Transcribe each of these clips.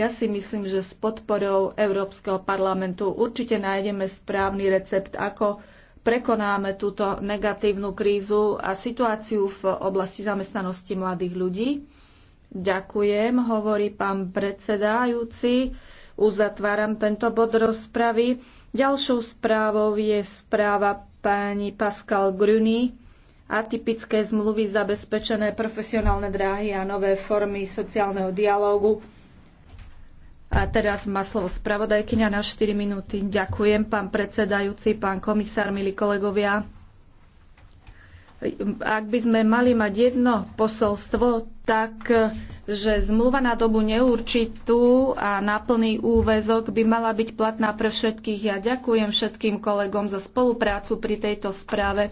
Ja si myslím, že s podporou Európskeho parlamentu určite nájdeme správny recept, ako prekonáme túto negatívnu krízu a situáciu v oblasti zamestnanosti mladých ľudí. Ďakujem, hovorí pán predsedajúci. Uzatváram tento bod rozpravy. Ďalšou správou je správa pani Pascal Gruny atypické zmluvy zabezpečené profesionálne dráhy a nové formy sociálneho dialógu a teraz má slovo spravodajkyňa na 4 minúty. Ďakujem, pán predsedajúci, pán komisár, milí kolegovia. Ak by sme mali mať jedno posolstvo, tak že zmluva na dobu neurčitú a na plný úvezok by mala byť platná pre všetkých. Ja ďakujem všetkým kolegom za spoluprácu pri tejto správe.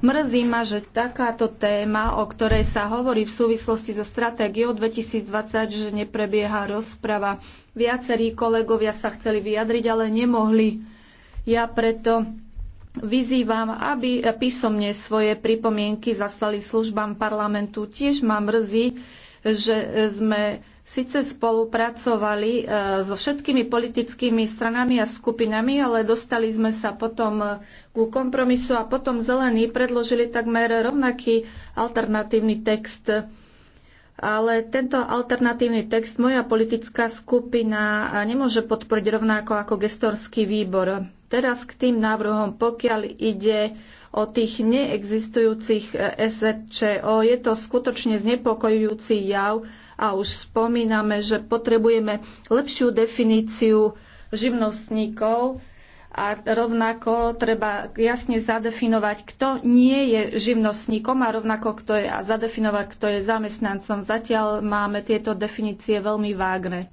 Mrzí ma, že takáto téma, o ktorej sa hovorí v súvislosti so stratégiou 2020, že neprebieha rozprava. Viacerí kolegovia sa chceli vyjadriť, ale nemohli. Ja preto vyzývam, aby písomne svoje pripomienky zaslali službám parlamentu. Tiež ma mrzí, že sme síce spolupracovali e, so všetkými politickými stranami a skupinami, ale dostali sme sa potom e, ku kompromisu a potom zelení predložili takmer rovnaký alternatívny text. Ale tento alternatívny text moja politická skupina e, nemôže podporiť rovnako ako gestorský výbor. Teraz k tým návrhom, pokiaľ ide o tých neexistujúcich SZČO, je to skutočne znepokojujúci jav a už spomíname, že potrebujeme lepšiu definíciu živnostníkov a rovnako treba jasne zadefinovať, kto nie je živnostníkom a rovnako kto je a zadefinovať, kto je zamestnancom. Zatiaľ máme tieto definície veľmi vágne.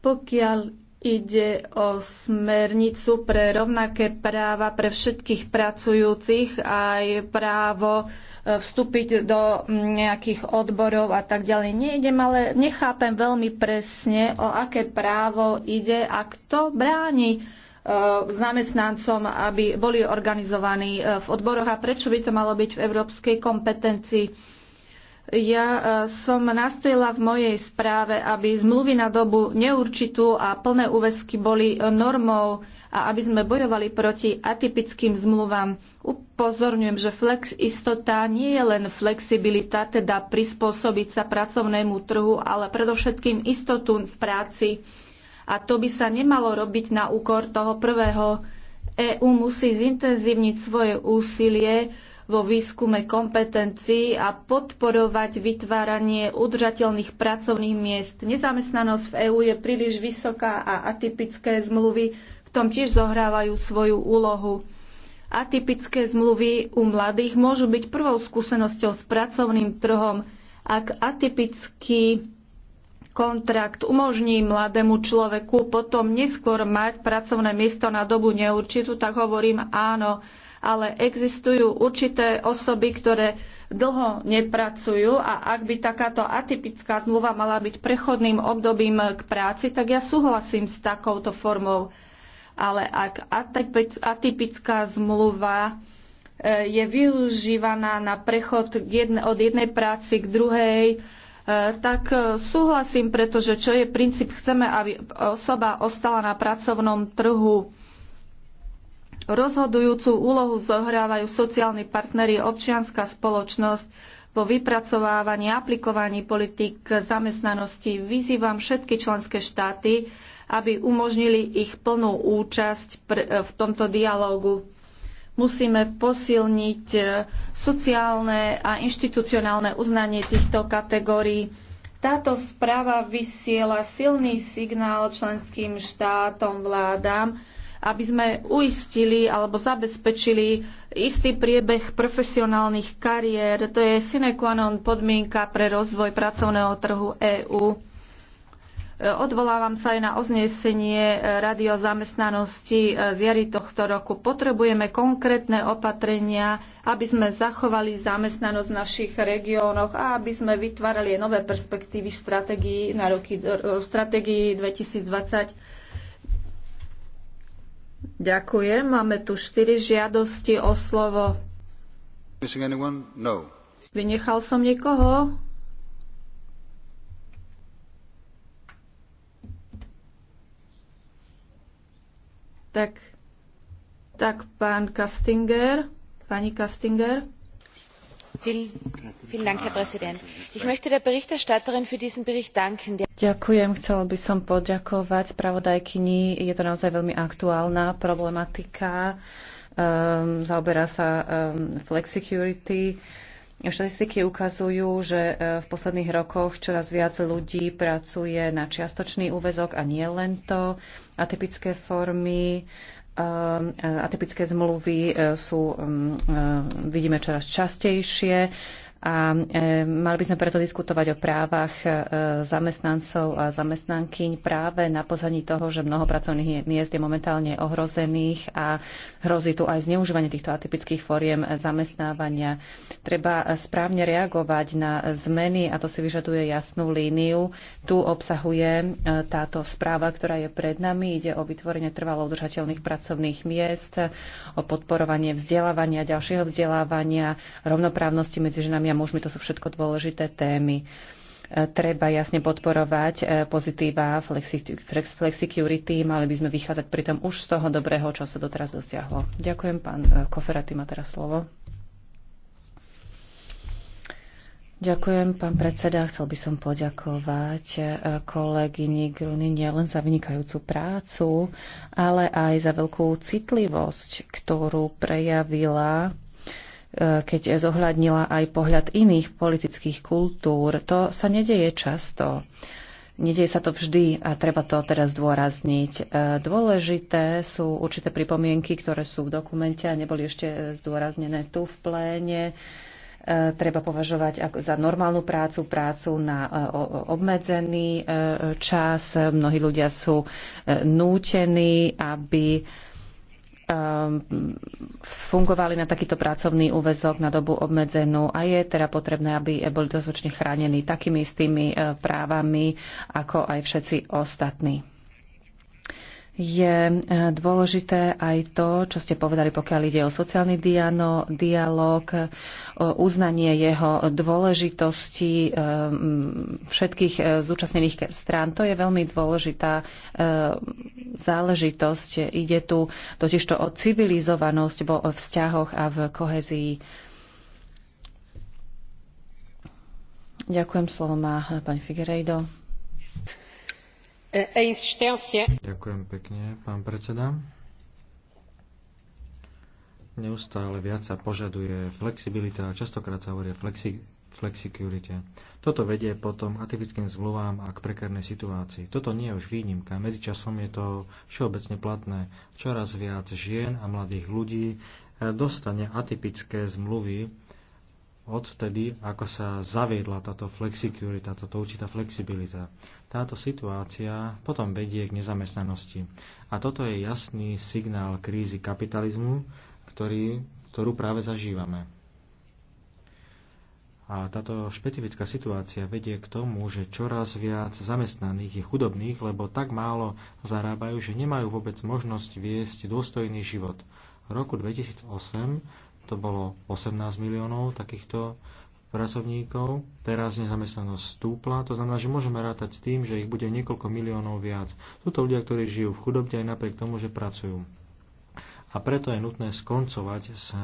Pokiaľ Ide o smernicu pre rovnaké práva pre všetkých pracujúcich, aj právo e, vstúpiť do nejakých odborov a tak ďalej. Nejdem, ale nechápem veľmi presne, o aké právo ide a kto bráni e, zamestnancom, aby boli organizovaní e, v odboroch a prečo by to malo byť v európskej kompetencii. Ja e, som nastojila v mojej správe, aby zmluvy na dobu neurčitú a plné úväzky boli normou a aby sme bojovali proti atypickým zmluvám. Upozorňujem, že flex istota nie je len flexibilita, teda prispôsobiť sa pracovnému trhu, ale predovšetkým istotu v práci. A to by sa nemalo robiť na úkor toho prvého. EÚ musí zintenzívniť svoje úsilie vo výskume kompetencií a podporovať vytváranie udržateľných pracovných miest. Nezamestnanosť v EÚ je príliš vysoká a atypické zmluvy v tom tiež zohrávajú svoju úlohu. Atypické zmluvy u mladých môžu byť prvou skúsenosťou s pracovným trhom. Ak atypický kontrakt umožní mladému človeku potom neskôr mať pracovné miesto na dobu neurčitú, tak hovorím áno ale existujú určité osoby, ktoré dlho nepracujú a ak by takáto atypická zmluva mala byť prechodným obdobím k práci, tak ja súhlasím s takouto formou. Ale ak atypická zmluva e, je využívaná na prechod od jednej práci k druhej, e, tak e, súhlasím, pretože čo je princíp, chceme, aby osoba ostala na pracovnom trhu. Rozhodujúcu úlohu zohrávajú sociálni partnery, občianská spoločnosť vo vypracovávaní a aplikovaní politik zamestnanosti. Vyzývam všetky členské štáty, aby umožnili ich plnú účasť e, v tomto dialógu musíme posilniť e, sociálne a inštitucionálne uznanie týchto kategórií. Táto správa vysiela silný signál členským štátom, vládám, aby sme uistili alebo zabezpečili istý priebeh profesionálnych kariér. To je sine qua non podmienka pre rozvoj pracovného trhu EÚ. Odvolávam sa aj na oznesenie Rady o zamestnanosti z jary tohto roku. Potrebujeme konkrétne opatrenia, aby sme zachovali zamestnanosť v našich regiónoch a aby sme vytvárali nové perspektívy v stratégii, na roky, v strategii 2020 Ďakujem. Máme tu štyri žiadosti o slovo. No. Vynechal som niekoho? Tak, tak pán Kastinger, pani Kastinger. Ďakujem, chcela by som poďakovať spravodajkyni. Je to naozaj veľmi aktuálna problematika. Um, zaoberá sa um, flexicurity. Štatistiky ukazujú, že e, v posledných rokoch čoraz viac ľudí pracuje na čiastočný úvezok a nie len to. Atypické formy Ehm, e, atypické zmluvy e, sú, ehm, e, vidíme, čoraz častejšie a e, mali by sme preto diskutovať o právach e, zamestnancov a zamestnankyň práve na pozadí toho, že mnoho pracovných miest je momentálne ohrozených a hrozí tu aj zneužívanie týchto atypických fóriem zamestnávania. Treba správne reagovať na zmeny a to si vyžaduje jasnú líniu. Tu obsahuje e, táto správa, ktorá je pred nami. Ide o vytvorenie trvalo udržateľných pracovných miest, o podporovanie vzdelávania, ďalšieho vzdelávania, rovnoprávnosti medzi ženami a mužmi. To sú všetko dôležité témy. E, treba jasne podporovať e, pozitíva flexicurity. Mali by sme vychádzať pritom už z toho dobrého, čo sa doteraz dosiahlo. Ďakujem, pán e, Koferaty má teraz slovo. Ďakujem, pán predseda. Chcel by som poďakovať kolegyni Gruny nielen za vynikajúcu prácu, ale aj za veľkú citlivosť, ktorú prejavila Eh, keď zohľadnila aj pohľad iných politických kultúr. To sa nedeje často. Nedieje sa to vždy a treba to teraz zdôrazniť. Eh, dôležité sú určité pripomienky, ktoré sú v dokumente a neboli ešte zdôraznené tu v pléne. Eh, treba považovať za normálnu prácu, prácu na obmedzený čas. Mnohí ľudia sú nútení, aby Ehm, fungovali na takýto pracovný úvezok na dobu obmedzenú a je teda potrebné, aby boli dostatočne chránení takými istými eh, právami ako aj všetci ostatní je eh, dôležité aj to, čo ste povedali, pokiaľ ide o sociálny dialog, eh, o uznanie jeho dôležitosti eh, všetkých zúčastnených strán. To je veľmi dôležitá záležitosť. Ide tu totižto o civilizovanosť vo vzťahoch a v kohezii. Ďakujem, slovo má pani Figueiredo. Ďakujem pekne, pán predseda. Neustále viac sa požaduje flexibilita a častokrát sa hovorí flexi, flexicurity. Toto vedie potom k atypickým zmluvám a k prekernej situácii. Toto nie je už výnimka. Medzičasom je to všeobecne platné. Čoraz viac žien a mladých ľudí dostane atypické zmluvy, odtedy, ako sa zaviedla táto flexikurita, táto určitá flexibilita. Táto situácia potom vedie k nezamestnanosti. A toto je jasný signál krízy kapitalizmu, ktorý, ktorú práve zažívame. A táto špecifická situácia vedie k tomu, že čoraz viac zamestnaných je chudobných, lebo tak málo zarábajú, že nemajú vôbec možnosť viesť dôstojný život. V roku 2008 to bolo 18 miliónov takýchto pracovníkov. Teraz nezamestnanosť stúpla, to znamená, že môžeme rátať s tým, že ich bude niekoľko miliónov viac. Sú to ľudia, ktorí žijú v chudobe aj napriek tomu, že pracujú. A preto je nutné skoncovať s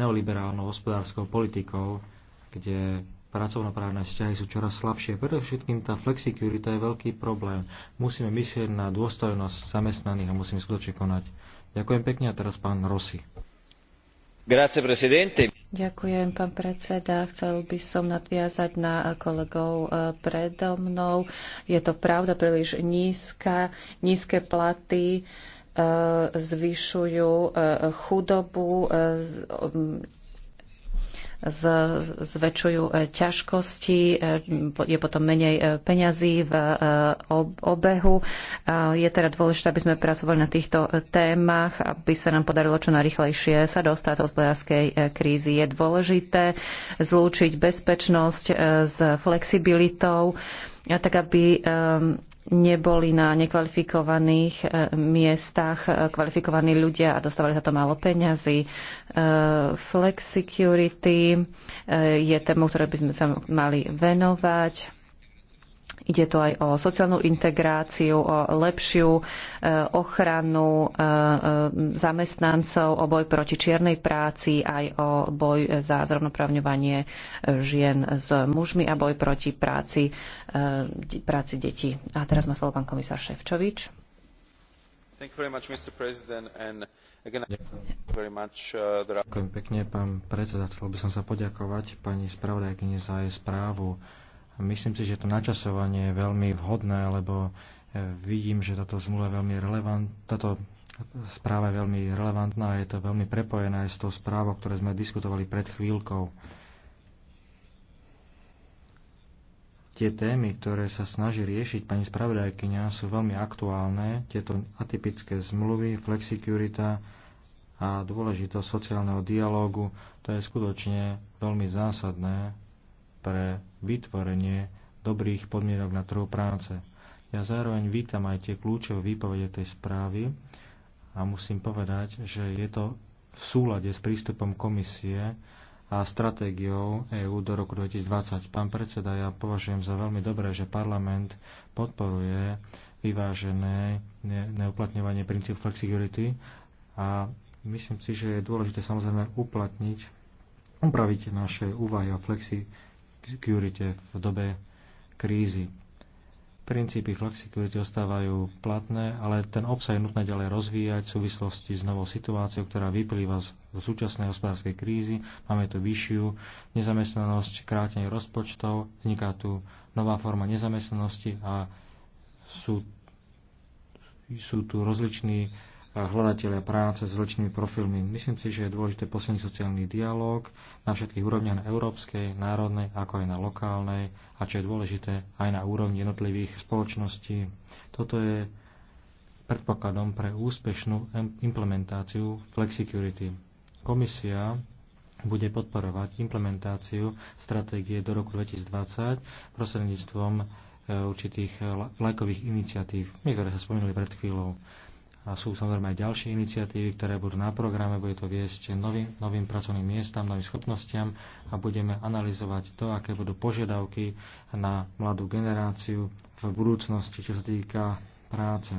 neoliberálnou hospodárskou politikou, kde pracovnoprávne vzťahy sú čoraz slabšie. Predovšetkým tá flexikurita je veľký problém. Musíme myslieť na dôstojnosť zamestnaných a musíme skutočne konať. Ďakujem pekne a teraz pán Rossi. Ďakujem, pán predseda. Chcel by som nadviazať na kolegov eh, predo mnou. Je to pravda príliš nízka, nízke platy eh, zvyšujú eh, chudobu, zväčšujú e, ťažkosti, e, je potom menej e, peňazí v obehu. Je teda dôležité, aby sme pracovali na týchto témach, aby sa nám podarilo čo najrychlejšie sa dostať z hospodárskej krízy. Je dôležité zlúčiť bezpečnosť s flexibilitou, tak aby neboli na nekvalifikovaných eh, miestach eh, kvalifikovaní ľudia a dostávali za to málo peňazí. Eh, flexicurity je tému, ktoré by sme sa mali venovať Ide to aj o sociálnu integráciu, o lepšiu e, ochranu e, e, zamestnancov, o boj proti čiernej práci, aj o boj za zrovnoprávňovanie žien s mužmi a boj proti práci, práci detí. A teraz má slovo pán komisár Ševčovič. Uh, Ďakujem pekne, pán predseda. Chcel by som sa poďakovať pani spravodajkyni za jej správu. Myslím si, že to načasovanie je veľmi vhodné, lebo e, vidím, že táto zmluva je veľmi relevantná, táto správa je veľmi relevantná a je to veľmi prepojené aj s tou správou, ktoré sme diskutovali pred chvíľkou. Tie témy, ktoré sa snaží riešiť pani spravodajkyňa, sú veľmi aktuálne. Tieto atypické zmluvy, flexicurita a dôležitosť sociálneho dialógu, to je skutočne veľmi zásadné pre vytvorenie dobrých podmienok na trhu práce. Ja zároveň vítam aj tie kľúčové výpovede tej správy a musím povedať, že je to v súlade s prístupom komisie a stratégiou EÚ do roku 2020. Pán predseda, ja považujem za veľmi dobré, že parlament podporuje vyvážené neuplatňovanie princípu flexibility a myslím si, že je dôležité samozrejme uplatniť, upraviť naše úvahy o flexi flexicurity v dobe krízy. Princípy flexicurity ostávajú platné, ale ten obsah je nutné ďalej rozvíjať v súvislosti s novou situáciou, ktorá vyplýva z súčasnej hospodárskej krízy. Máme tu vyššiu nezamestnanosť, krátenie rozpočtov, vzniká tu nová forma nezamestnanosti a sú, sú tu rozliční hľadatelia práce s ročnými profilmi. Myslím si, že je dôležité posilniť sociálny dialog na všetkých úrovniach, na európskej, národnej, ako aj na lokálnej a čo je dôležité, aj na úrovni jednotlivých spoločností. Toto je predpokladom pre úspešnú implementáciu flexicurity. Komisia bude podporovať implementáciu stratégie do roku 2020 prostredníctvom e, určitých lajkových iniciatív, niektoré sa spomenuli pred chvíľou a sú samozrejme aj ďalšie iniciatívy, ktoré budú na programe, bude to viesť novým, novým pracovným miestam, novým schopnostiam a budeme analyzovať to, aké budú požiadavky na mladú generáciu v budúcnosti, čo sa týka práce.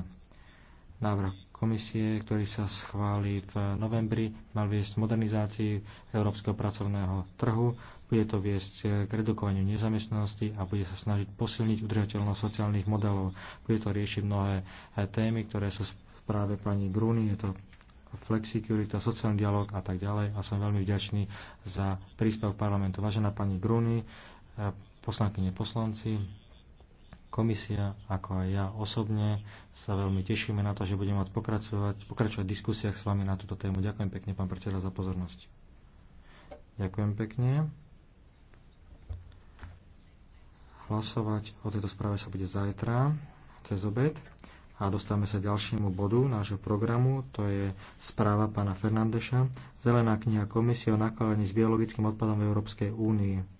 Návrh komisie, ktorý sa schváli v novembri, mal viesť modernizácii európskeho pracovného trhu, bude to viesť k redukovaniu nezamestnanosti a bude sa snažiť posilniť udržateľnosť sociálnych modelov. Bude to riešiť mnohé témy, ktoré sú Práve pani Gruny, je to flexikurita, sociálny dialog a tak ďalej a som veľmi vďačný za príspevok parlamentu. Vážená pani Gruny, eh, poslankyne poslanci, komisia, ako aj ja osobne sa veľmi tešíme na to, že budeme mať pokračovať, pokračovať v diskusiách s vami na túto tému. Ďakujem pekne, pán predseda, za pozornosť. Ďakujem pekne. Hlasovať o tejto správe sa bude zajtra, cez obed a dostávame sa ďalšiemu bodu nášho programu, to je správa pána Fernandeša, Zelená kniha komisie o nakladaní s biologickým odpadom v Európskej únii.